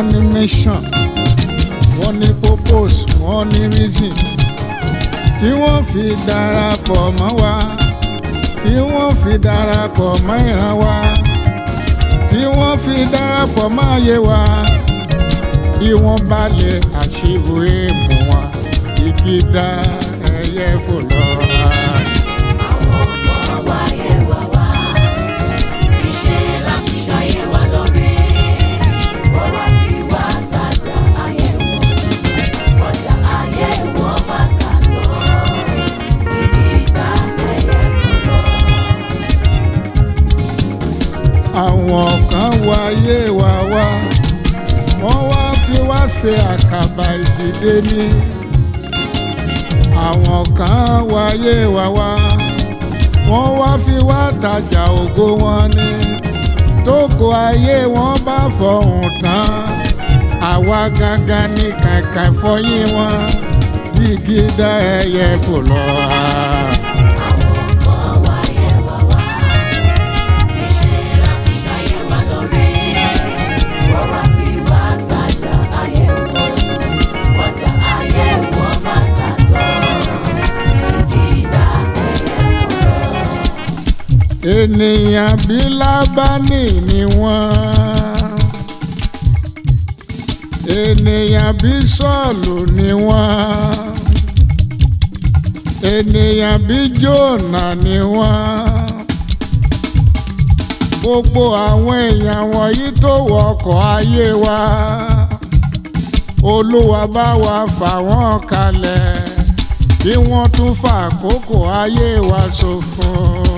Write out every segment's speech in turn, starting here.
wọ́n ní nation wọ́n ní purpose wọ́n ní reason tí wọ́n fi darapọ̀ mọ́ wa tí wọ́n fi darapọ̀ mọ́ ìran wa tí wọ́n fi darapọ̀ mọ́ ayé wa bí wọ́n bá lè àṣìwò èèmù wa ìgbìdá ẹyẹ fò lọ. àwọn kan wá ayé wa wá wọ́n wá fi wá ṣe àkàbà ìdìde ní àwọn kan wá ayé wa wá wọ́n wá fi wá tajà ògo wọn ní tókò ayé wọn bá fọhùn tán àwa gangan ní kàkà fọyín wọn bí gídá ẹyẹ fò lọ́ọ́. ènìyàn bí lábánì ni wọ́n ènìyàn bí sọ́ọ̀lù ni wọ́n ènìyàn bí jóònà ni wọ́n gbogbo àwọn èèyàn wọ̀nyí tó wọkọ̀ ayé wa olúwa bá wa fà wọ́n kalẹ̀ kí wọ́n tún fà àkókò ayé wa ṣòfò. So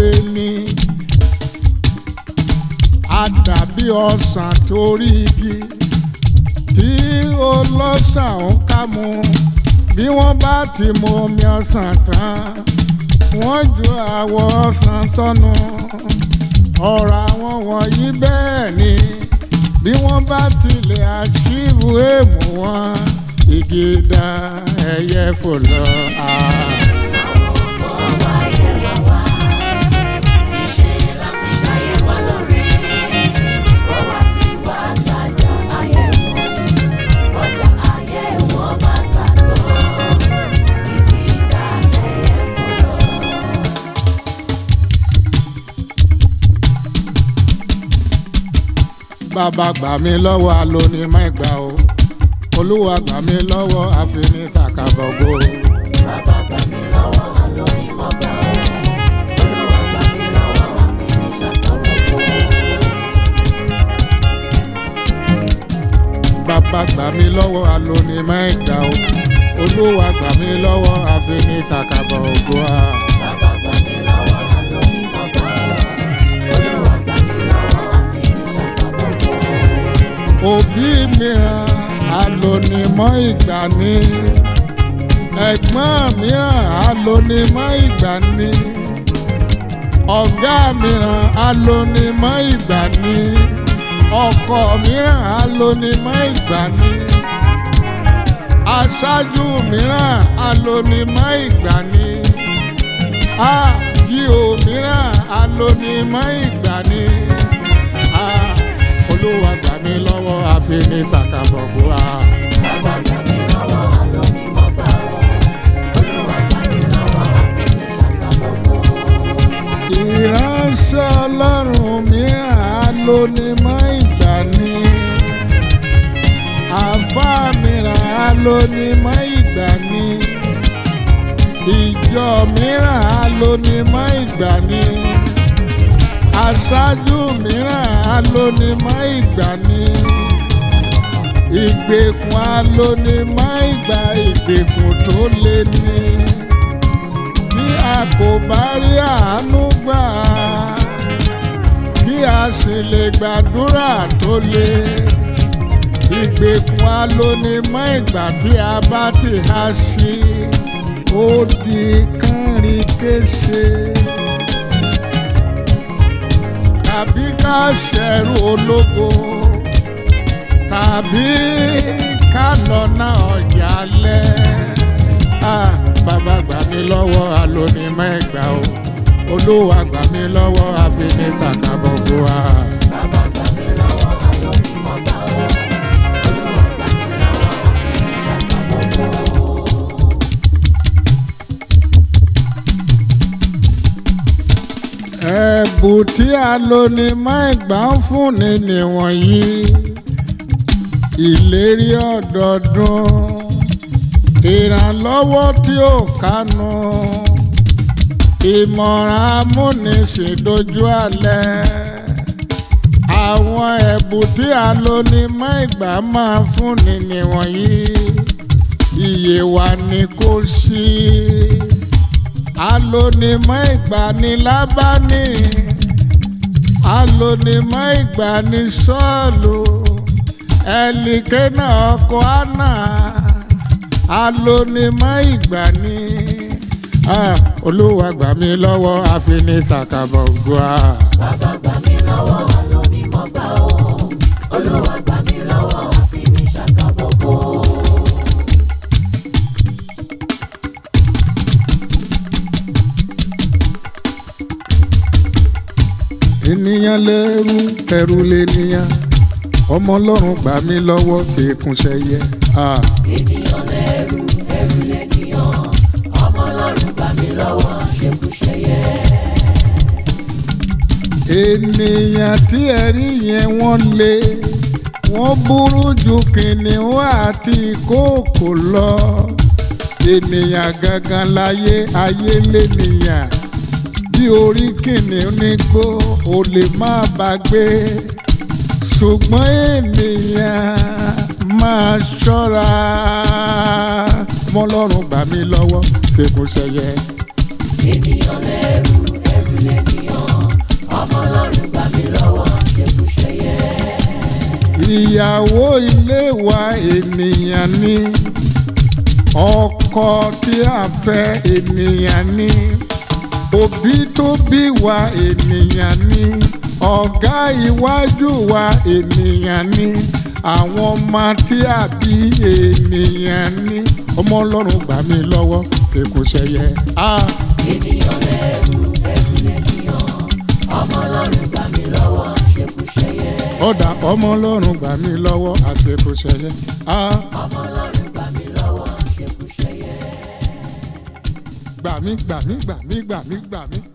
ọsàn torí igi tí ọlọ́sàn ń ká mu bí wọ́n bá ti mu omi ọsàn tán wọ́n ju àwọ̀ ọsàn sọnù ọ̀rọ̀ àwọn wọ̀nyí bẹ́ẹ̀ ni bí wọ́n bá tilẹ̀ àṣìbù èèmù wọn ìgìdá ẹyẹ fò bàbá gbà mí lọ́wọ́ alóní mẹ́gbà o olúwa gbà mí lọ́wọ́ àfinisàkàbọ̀gbò. bàbá gbà mí lọ́wọ́ alóní mọ́gbà gbà o olúwa gbà mí lọ́wọ́ àfinisàkàbọ̀gbò a. òbí mìíràn alonimọ̀ ìgbà ni ẹ̀gbọ́n mìíràn alonimọ̀ ìgbà ni ọ̀gá mìíràn alonimọ̀ ìgbà ni ọkọ mìíràn alonimọ̀ ìgbà ni aṣáájú mìíràn alonimọ̀ ìgbà ni àjíò mìíràn alonimọ̀ ìgbà ni olúwa gbà mi lọ́wọ́ àfi ní sàkàbọ̀gbọ́ wa. bàbá gbà mí lọ́wọ́ àlọ́ mi mọ́ bá ọ. olúwa gbà mí lọ́wọ́ àfi ló ní mọ́ ìgbà ni àfa mìíràn ló ní mọ́ ìgbà ni ìjọ mìíràn ló ní mọ́ ìgbà ni aṣáájú mìíràn alónímọ̀ ìgbà ni ìgbèkùn alónímọ̀ ìgbà ìgbèkùn tó lé ní bí a kò bá rí àánú gbà bí a sì lè gbàdúrà tó lé ìgbèkùn alónímọ̀ ìgbà tí a bá ti há sí ó di kánrin kése tàbí ká ṣẹ̀rù ológo tàbí ká lọ ná ọ̀yà lẹ́ bàbá gbà mí lọ́wọ́ alónímẹ̀gbà o olúwa gbà mí lọ́wọ́ àfinisàkàbọ̀gbọ́ a. bàbá gbà mí lọ́wọ́ alónímọ̀gbà o. ẹ̀bùn tí a lò ní máa gbà ń fúnni nìwọ̀nyí ìlérí ọ̀dọ̀ọdún ìrànlọ́wọ́ tí ò kánu ìmọ̀ràn amúnisìndójú alẹ́ àwọn ẹ̀bùn tí a lò ní máa gbà máa fúnni nìwọ̀nyí iye wa ni kò sí. Si alonimọ̀ ìgbanilábání alonimọ̀ ìgbani Sọ́ọ̀lù ẹ̀lìkẹ́nà ọkọ̀ àná alonimọ̀ ìgbani ah, olúwa gbà mí lọ́wọ́ àfinisàkàbọ̀ gbọ́à. tẹrú lé níyàn ọmọ ọlọ́run gbà mí lọ́wọ́ fèkún sẹ́yẹ. ènìyàn lẹ́rù ẹrù lẹ́nìyàn ọmọ ọlọ́run gbà mí lọ́wọ́ fèkún sẹ́yẹ. ènìyàn tí ẹ rí yẹn wọ́n lé wọ́n burú ju kìnìún àti ìkookò lọ ènìyàn gangan láyé ayé lẹ́nìyàn tí orí kìnìún ní gbó o lè má bá gbé ṣùgbọ́n ènìyàn máa ṣọ́ra mọ́lọ́run gbà mí lọ́wọ́ ṣègùn ṣẹyẹ. ènìyàn lẹ́rù ẹ̀rù lẹ́nìyàn ọmọlọ́run gbà mí lọ́wọ́ ṣègùn ṣẹyẹ. ìyàwó ilé wa ènìyàn ni ọkọ tí a fẹ́ ènìyàn ni òbí tó bí wa ènìyàn ni ọ̀gá iwájú wa ènìyàn ni àwọn ọmọ tí a bí ènìyàn ni ọmọ ọlọ́run gbà mí lọ́wọ́ ṣe kò ṣẹyẹ. ènìyàn lẹ́rù ẹ̀sùn ènìyàn ọmọ ọlọ́run gbà mí lọ́wọ́ ṣe kò ṣẹyẹ. ọ̀dà ọmọ ọlọ́run gbà mí lọ́wọ́ àṣekò ṣẹyẹ. ọmọ ọlọ́run. gbà mí gbà mí gbà mí gbà mí gbà mí.